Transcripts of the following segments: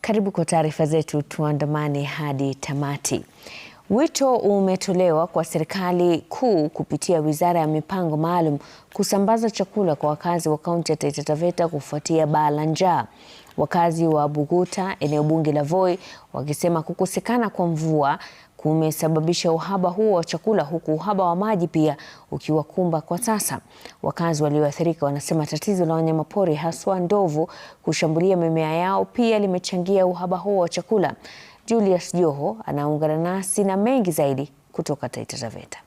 Karibu kwa taarifa zetu, tuandamane hadi tamati. Wito umetolewa kwa serikali kuu kupitia wizara ya mipango maalum kusambaza chakula kwa wakazi wa kaunti ya Taita Taveta kufuatia baa la njaa. Wakazi wa Buguta, eneo bunge la Voi, wakisema kukosekana kwa mvua kumesababisha uhaba huo wa chakula huku uhaba wa maji pia ukiwakumba kwa sasa. Wakazi walioathirika wanasema tatizo la wanyamapori haswa ndovu kushambulia mimea yao pia limechangia uhaba huo wa chakula. Julius Joho anaungana nasi na mengi zaidi kutoka Taita Taveta.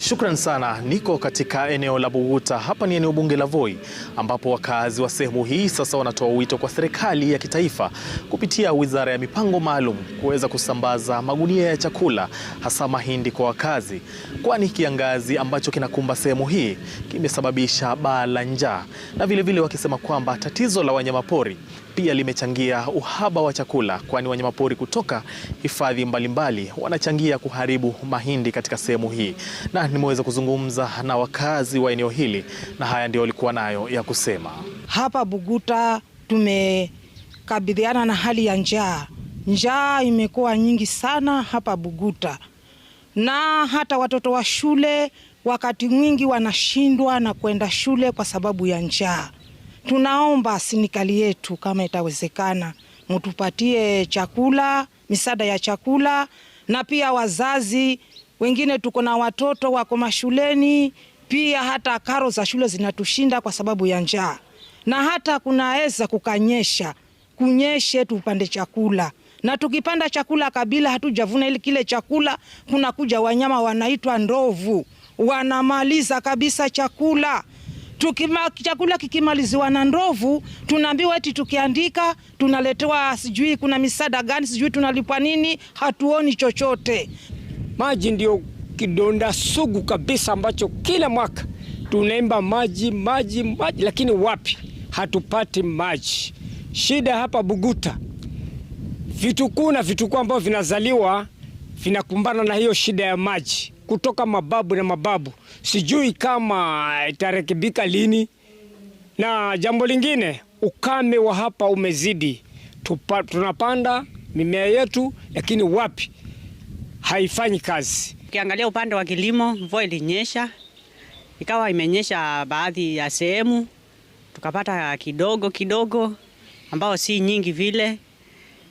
Shukran sana. Niko katika eneo la Buguta, hapa ni eneo bunge la Voi, ambapo wakazi wa sehemu hii sasa wanatoa wito kwa serikali ya kitaifa kupitia wizara ya mipango maalum kuweza kusambaza magunia ya chakula hasa mahindi kwa wakazi, kwani kiangazi ambacho kinakumba sehemu hii kimesababisha baa la njaa, na vilevile vile wakisema kwamba tatizo la wanyamapori pia limechangia uhaba wa chakula, kwani wanyamapori kutoka hifadhi mbalimbali wanachangia kuharibu mahindi katika sehemu hii na nimeweza kuzungumza na wakazi wa eneo hili na haya ndio walikuwa nayo ya kusema. Hapa Buguta tumekabidhiana na hali ya njaa. Njaa imekuwa nyingi sana hapa Buguta, na hata watoto wa shule wakati mwingi wanashindwa na kwenda shule kwa sababu ya njaa. Tunaomba serikali yetu, kama itawezekana, mtupatie chakula, misaada ya chakula na pia wazazi wengine, tuko na watoto wako mashuleni, pia hata karo za shule zinatushinda kwa sababu ya njaa, na hata kunaweza kukanyesha, kunyeshe tupande chakula na tukipanda chakula kabila hatujavuna ili kile chakula, kuna kuja wanyama wanaitwa ndovu wanamaliza kabisa chakula tukima, chakula kikimaliziwa na ndovu tunaambiwa eti tukiandika tunaletewa sijui kuna misaada gani sijui tunalipwa nini, hatuoni chochote. Maji ndio kidonda sugu kabisa ambacho kila mwaka tunaimba maji maji maji, lakini wapi, hatupati maji. Shida hapa Buguta, vitukuu na vitukuu ambavyo vinazaliwa vinakumbana na hiyo shida ya maji kutoka mababu na mababu. Sijui kama itarekebika lini. Na jambo lingine, ukame wa hapa umezidi. Tupa, tunapanda mimea yetu lakini wapi, haifanyi kazi. Ukiangalia upande wa kilimo, mvua ilinyesha ikawa imenyesha baadhi ya sehemu, tukapata kidogo kidogo ambao si nyingi vile.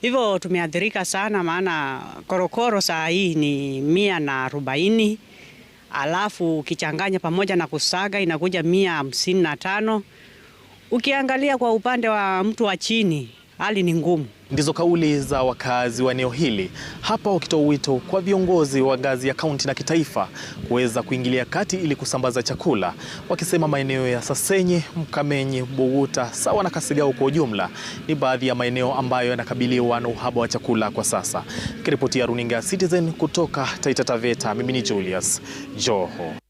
Hivyo tumeathirika sana, maana korokoro saa hii ni mia na arobaini alafu ukichanganya pamoja na kusaga inakuja mia hamsini na tano. Ukiangalia kwa upande wa mtu wa chini hali ni ngumu. Ndizo kauli za wakazi wa eneo hili hapa, wakitoa wito kwa viongozi wa ngazi ya kaunti na kitaifa kuweza kuingilia kati ili kusambaza chakula, wakisema maeneo ya Sasenyi, Mkamenyi, buguta sawa na kasigao kwa ujumla ni baadhi ya maeneo ambayo yanakabiliwa na uhaba wa chakula kwa sasa. kiripoti ya runinga Citizen kutoka Taita Taveta, mimi ni Julius Joho.